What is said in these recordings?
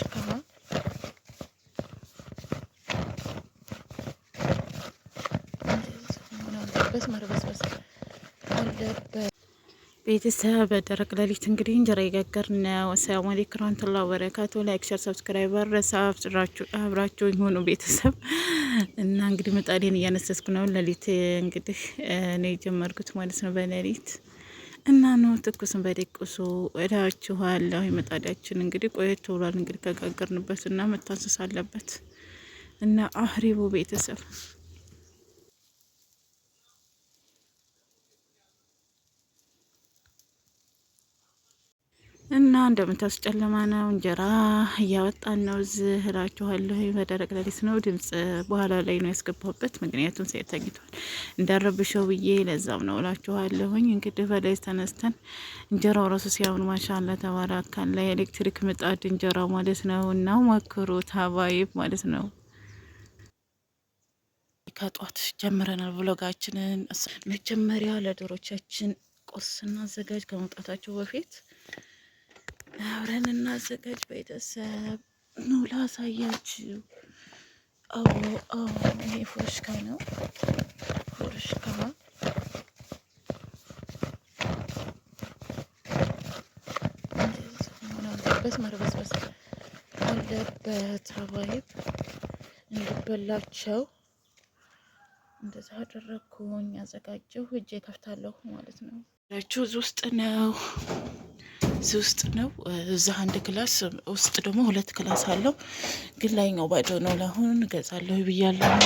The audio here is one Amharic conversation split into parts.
olmuş. Tamam. ቤተሰብ በደረቅ ሌሊት እንግዲህ እንጀራ የጋገር ነው። ሰላም አለይኩም ረህመቱላ በረካቱ። ላይክ ሸር፣ ሰብስክራይበር ረሳብ አብራችሁ የሆኑ ቤተሰብ እና እንግዲህ ምጣዴን እያነሰስኩ ነው። ሌሊት እንግዲህ ነው የጀመርኩት ማለት ነው በሌሊት እና ነው ትኩስን በደቁሱ እዳችኋለሁ። የመጣዳችን እንግዲህ ቆየት ብሏል። እንግዲህ ከጋገርንበት እና መታሰስ አለበት እና አህሪቡ ቤተሰብ እና እንደምታስ ጨለማ ነው። እንጀራ እያወጣን ነው። እዚህ እላችኋለሁ በደረቅ ሌሊት ነው። ድምጽ በኋላ ላይ ነው ያስገባሁበት፣ ምክንያቱም ሴት ተኝቷል እንዳረብሸው ብዬ ለዛም ነው እላችኋለሁኝ። እንግዲህ በላይ ተነስተን እንጀራው ራሱ ሲያምር ማሻላ ላይ ኤሌክትሪክ ምጣድ እንጀራው ማለት ነው። እና ሞክሩ ታባይብ ማለት ነው። ከጧት ጀምረናል ብሎጋችንን። መጀመሪያ ለዶሮቻችን ቁርስ እናዘጋጅ ከመውጣታቸው በፊት አብረን እናዘጋጅ። ቤተሰብ ኑ ላሳያችሁ። አዎ አዎ፣ ይሄ ፎርሽካ ነው። ፎርሽካ መርበስበስ አለበት አባይብ እንዲበላቸው እንደዛ አደረግኩኝ። ያዘጋጀው እጄ ከፍታለሁ ማለት ነው። ላችሁ ውስጥ ነው እዚህ ውስጥ ነው። እዛ አንድ ክላስ ውስጥ ደግሞ ሁለት ክላስ አለው። ግን ላይኛው ባዶ ነው። ለአሁን ገዛለሁ ብያለሁ።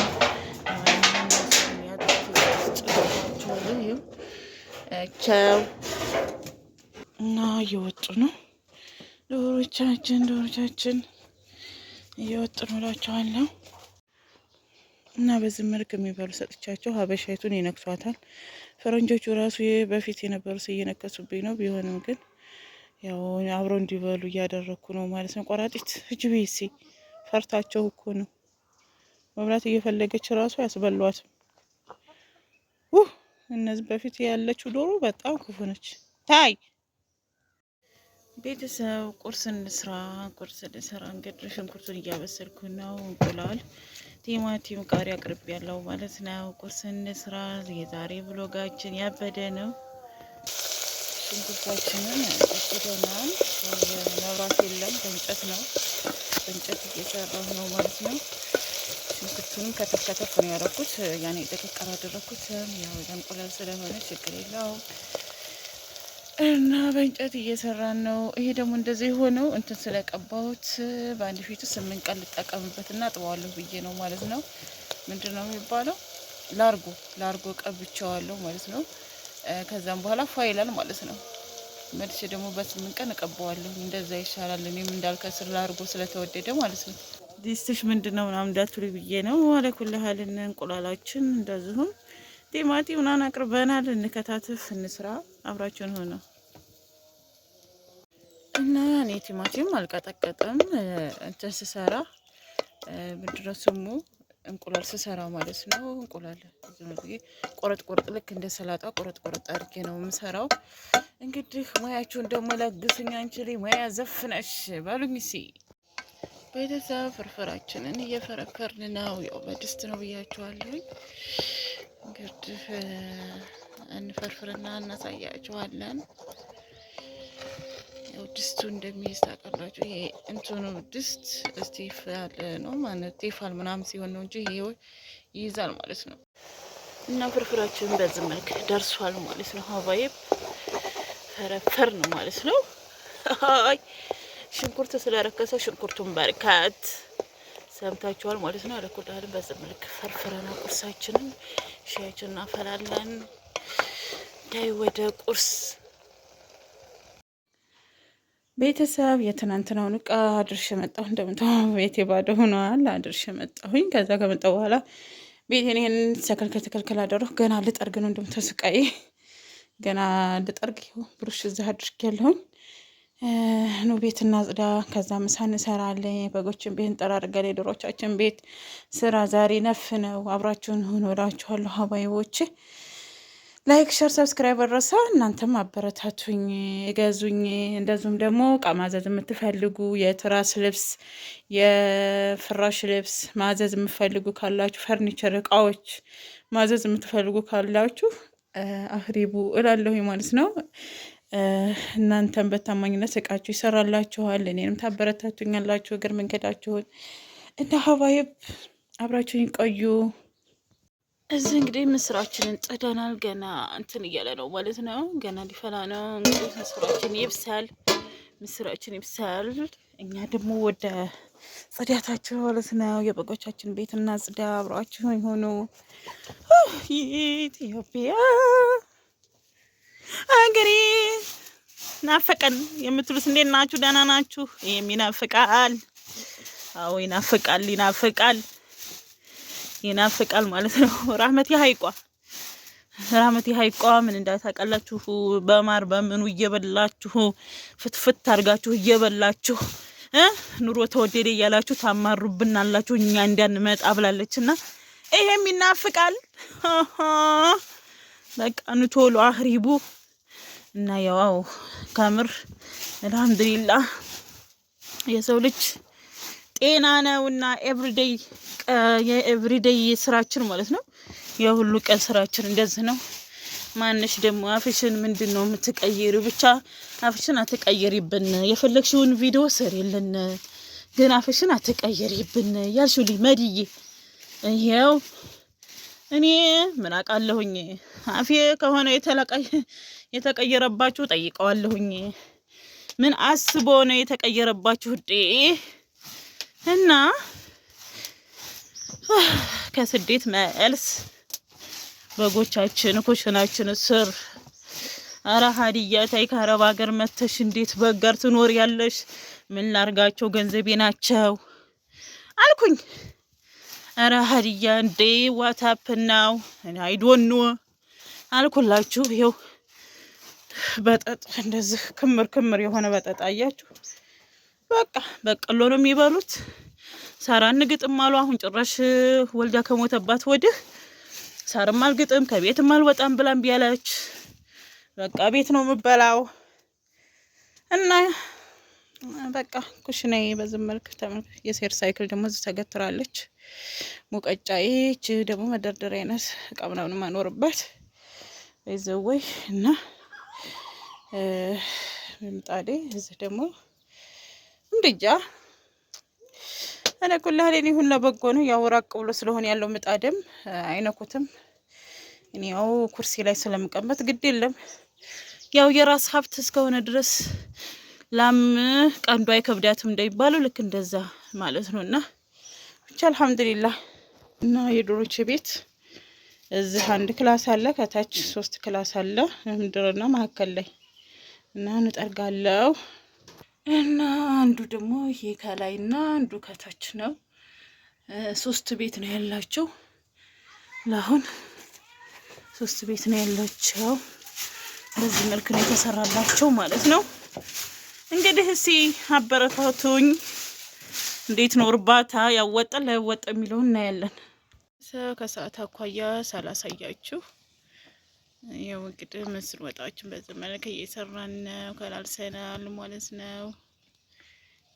እና እየወጡ ነው ዶሮቻችን፣ ዶሮቻችን እየወጡ ነው እላቸዋለሁ። እና በዚህ መልክ የሚበሉ ሰጥቻቸው ሀበሻይቱን ይነክሷታል። ፈረንጆቹ ራሱ በፊት የነበሩት እየነከሱብኝ ነው ቢሆንም ግን ያው አብረው እንዲበሉ እያደረግኩ ነው ማለት ነው። ቆራጢት እጅ ቤሲ ፈርታቸው እኮ ነው መብላት እየፈለገች ራሱ አያስበሏትም። እነዚህ በፊት ያለችው ዶሮ በጣም ክፉ ነች። ታይ ቤተሰብ ቁርስ እንስራ። ቁርስ ልሰራ እንግዲህ ሽንኩርቱን እያበሰልኩ ነው። እንቁላል፣ ቲማቲም፣ ቃሪያ ቅርብ ያለው ማለት ነው። ቁርስ እንስራ። የዛሬ ብሎጋችን ያበደ ነው። ሽንኩርታችንን አጭደናል። መብራት የለም፣ በእንጨት ነው በእንጨት እየሰራሁ ነው ማለት ነው። ሽንኩርቱንም ከተፍ ከተፍ ነው ያደረኩት፣ ያኔ ጥቅቅር አደረኩትም። ያው እንቁላል ስለሆነ ችግር የለውም እና በእንጨት እየሰራን ነው። ይሄ ደግሞ እንደዚህ የሆነው እንትን ስለቀባሁት በአንድ ፊቱ ስምንት ቀን ልጠቀምበት እና ጥዋለሁ ብዬ ነው ማለት ነው። ምንድን ነው የሚባለው? ላርጎ ላርጎ ቀብቸዋለሁ ማለት ነው። ከዛም በኋላ ፏ ይላል ማለት ነው። መልሼ ደግሞ በስምንት ቀን እቀባዋለሁ። እንደዛ ይሻላል። እኔም እንዳልከስር ላድርጎ ስለተወደደ ማለት ነው። ዲስትሽ ምንድን ነው ምናምን እንዳትሉ ብዬ ነው። አለኩልህልን እንቁላላችን እንደዚሁም ቲማቲ ምናምን አቅርበናል። እንከታትፍ፣ እንስራ፣ አብራችን ሆነ እና እኔ ቲማቲም አልቀጠቀጥም እንትን ስሰራ ምንድነው እንቁላል ስሰራ ማለት ነው። እንቁላል ቆረጥ ቆረጥ ልክ እንደ ሰላጣ ቆረጥ ቆረጥ አድርጌ ነው የምሰራው። እንግዲህ ሙያችሁን ደግሞ ለግሱኝ። አንችል ሙያ ዘፍነሽ ባሉኝ ሲ ቤተሰብ ፍርፍራችንን እየፈረፈርን ነው። ያው በድስት ነው ብያችኋለሁኝ። እንግዲህ እንፈርፍርና እናሳያችኋለን። ድስቱ እንደሚይዝ ታውቃላችሁ። ይሄ እንትኑ ድስት ስቴፍ ያለ ነው ማለት ቴፋል ምናምን ሲሆን ነው እንጂ ይሄ ይይዛል ማለት ነው። እና ፍርፍራችን በዚህ መልክ ደርሷል ማለት ነው። ሀባዬ ፈረፈር ነው ማለት ነው። አይ ሽንኩርት ስለረከሰ ሽንኩርቱን በርካት ሰምታችኋል ማለት ነው። አለኩልህልም በዚህ መልክ ፈርፍረና ቁርሳችንን ሻያችን አፈላለን። ዳይ ወደ ቁርስ ቤተሰብ የትናንትናውን እቃ አድርሼ መጣሁ። እንደምታው ቤቴ ባዶ ሆነዋል። አድርሼ መጣሁኝ። ከዛ ከመጣሁ በኋላ ቤቴን ይህን ተከልከል ተከልከል አደረሁ። ገና ልጠርግ ነው እንደምታስቃይ ገና ልጠርግ ብሩሽ እዛ አድርግ ያለሁኝ ኑ ቤት እናጽዳ፣ ከዛ ምሳ እንሰራለን። በጎችን ቤት እንጠራርገን የዶሮቻችን ቤት ስራ ዛሬ ነፍ ነው። አብራችሁን ሆኖ እላችኋለሁ ሀባይቦች ላይክ ሸር ሰብስክራይብ ረሳ እናንተም አበረታቱኝ፣ እገዙኝ። እንደዚሁም ደግሞ እቃ ማዘዝ የምትፈልጉ የትራስ ልብስ፣ የፍራሽ ልብስ ማዘዝ የምትፈልጉ ካላችሁ፣ ፈርኒቸር እቃዎች ማዘዝ የምትፈልጉ ካላችሁ አህሪቡ እላለሁ ማለት ነው። እናንተም በታማኝነት እቃችሁ ይሰራላችኋል፣ እኔንም ታበረታቱኛላችሁ እግር መንገዳችሁን እና ሀባይብ አብራችሁኝ ቆዩ። እዚህ እንግዲህ ምስራችንን ጸዳናል። ገና እንትን እያለ ነው ማለት ነው። ገና ሊፈላ ነው እንግዲህ ምስራችን ይብሳል። ምስራችን ይብሳል። እኛ ደግሞ ወደ ጽዳታችን ማለት ነው። የበጎቻችን ቤት እና ጽዳ አብሯችሁ የሆኑ ኢትዮጵያ አገሬ ናፈቀን የምትሉት እንዴት ናችሁ? ደህና ናችሁ? ይናፍቃል። አዎ ይናፍቃል፣ ይናፍቃል ይናፍቃል ማለት ነው። ራህመቲ ሀይቋ ራህመቲ ሀይቋ ምን እንዳታቀላችሁ በማር በምኑ እየበላችሁ ፍትፍት አድርጋችሁ እየበላችሁ ኑሮ ተወደደ እያላችሁ ታማሩብናላችሁ እኛ እንዳንመጣ ብላለች እና ይሄም ይናፍቃል። በቃ ንቶሎ አህሪቡ እና ያው ከምር አልሐምዱሊላህ የሰው ልጅ ጤና እና ኤቭሪዴይ የኤቭሪዴይ ስራችን ማለት ነው። የሁሉ ቀን ስራችን እንደዚህ ነው። ማንሽ ደግሞ አፍሽን ምንድን ነው የምትቀይሪው? ብቻ አፍሽን አትቀይሪብን፣ የፈለግሽውን ቪዲዮ ስሪልን፣ ግን አፍሽን አትቀይሪብን ያልሽው ልጅ መድዬ ይኸው እኔ ምን አውቃለሁኝ። አፌ ከሆነ የተቀየረባችሁ ጠይቀዋለሁኝ። ምን አስቦ ነው የተቀየረባችሁ? ዴ እና ከስደት መልስ በጎቻችን ኩሽናችን ስር አረ ሀዲያ ታይ ከአረብ ሀገር መተሽ እንዴት በጋር ትኖር ያለሽ? ምን ላርጋቸው ገንዘቤ ናቸው አልኩኝ። አረ ሀዲያ እንዴ ዋታፕ ናው አይዶኖ አልኩላችሁ። ይኸው በጠጥ እንደዚህ ክምር ክምር የሆነ በጠጥ አያችሁ። በቃ በቀሎ ነው የሚበሉት። ሳራ ግጥም አሉ። አሁን ጭራሽ ወልዳ ከሞተባት ወዲህ ሳርም አልግጥም ከቤትም አልወጣም ብላ እምቢ አለች። በቃ ቤት ነው የምበላው እና በቃ ኩሽናዬ በዚህ መልክ ተመልክ። የሴር ሳይክል ደግሞ እዚህ ተገትራለች። ሙቀጫዬ ይህች ደግሞ መደርደሪያ አይነት እቃ ምናምን ማኖርባት ወይ ዘወይ እና ምጣዴ እዚህ ደግሞ እንድጃ አለቁላህ ለኔ ሁላ በጎ ነው። ያው ራቅ ብሎ ስለሆነ ያለው ምጣድም አይነኩትም። እኔ ያው ኩርሲ ላይ ስለምቀመጥ ግድ የለም። ያው የራስ ሀብት እስከሆነ ድረስ ላም ቀንዱ አይከብዳትም እንደሚባለው ልክ እንደዛ ማለት ነው። እና ብቻ አልሐምዱሊላህ እና የዶሮች ቤት እዚህ አንድ ክላስ አለ፣ ከታች ሶስት ክላስ አለ፣ ምድርና መሀከል ላይ እና እንጠርጋለው እና አንዱ ደግሞ ይሄ ከላይ እና አንዱ ከታች ነው። ሶስት ቤት ነው ያላቸው። ለአሁን ሶስት ቤት ነው ያላቸው። በዚህ መልክ ነው የተሰራላቸው ማለት ነው። እንግዲህ እስኪ አበረታቱኝ። እንዴት ነው እርባታ ያወጣል ላይወጣ የሚለውን እናያለን። ከሰዓት አኳያ ሳላሳያችሁ ያው እንግዲህ ምስር ወጣችን በዚህ መልክ እየሰራን ነው ከላልሰናል ማለት ነው።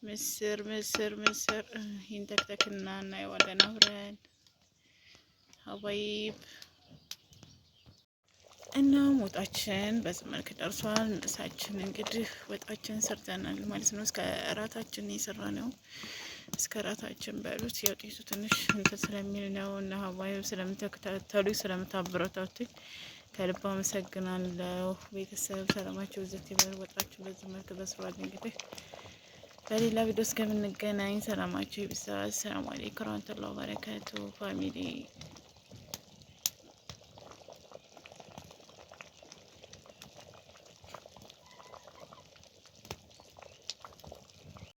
ምስር ምስር ምስር ይንተክተክና እናየዋለን አብረን ሀባይብ እና ወጣችን በዚህ መልክ ደርሷል። ምሳችን እንግዲህ ወጣችን ሰርተናል ማለት ነው። እስከ እራታችን የሰራ ነው። እስከ እራታችን በሉት። የውጤቱ ትንሽ እንትን ስለሚል ነው እና ሀባይ ስለምተከታተሉ ስለምታበረታቱኝ ከልብ አመሰግናለሁ። ቤተሰብ ሰላማቸው ዘት ይበል። ወጣችን በዚህ መልክ በስሯል እንግዲህ በሌላ ቪዲዮ እስከምንገናኝ ሰላማችሁ ይብዛ። አሰላሙ አለይኩም ወረህመቱላሂ ወበረካቱ ፋሚሊ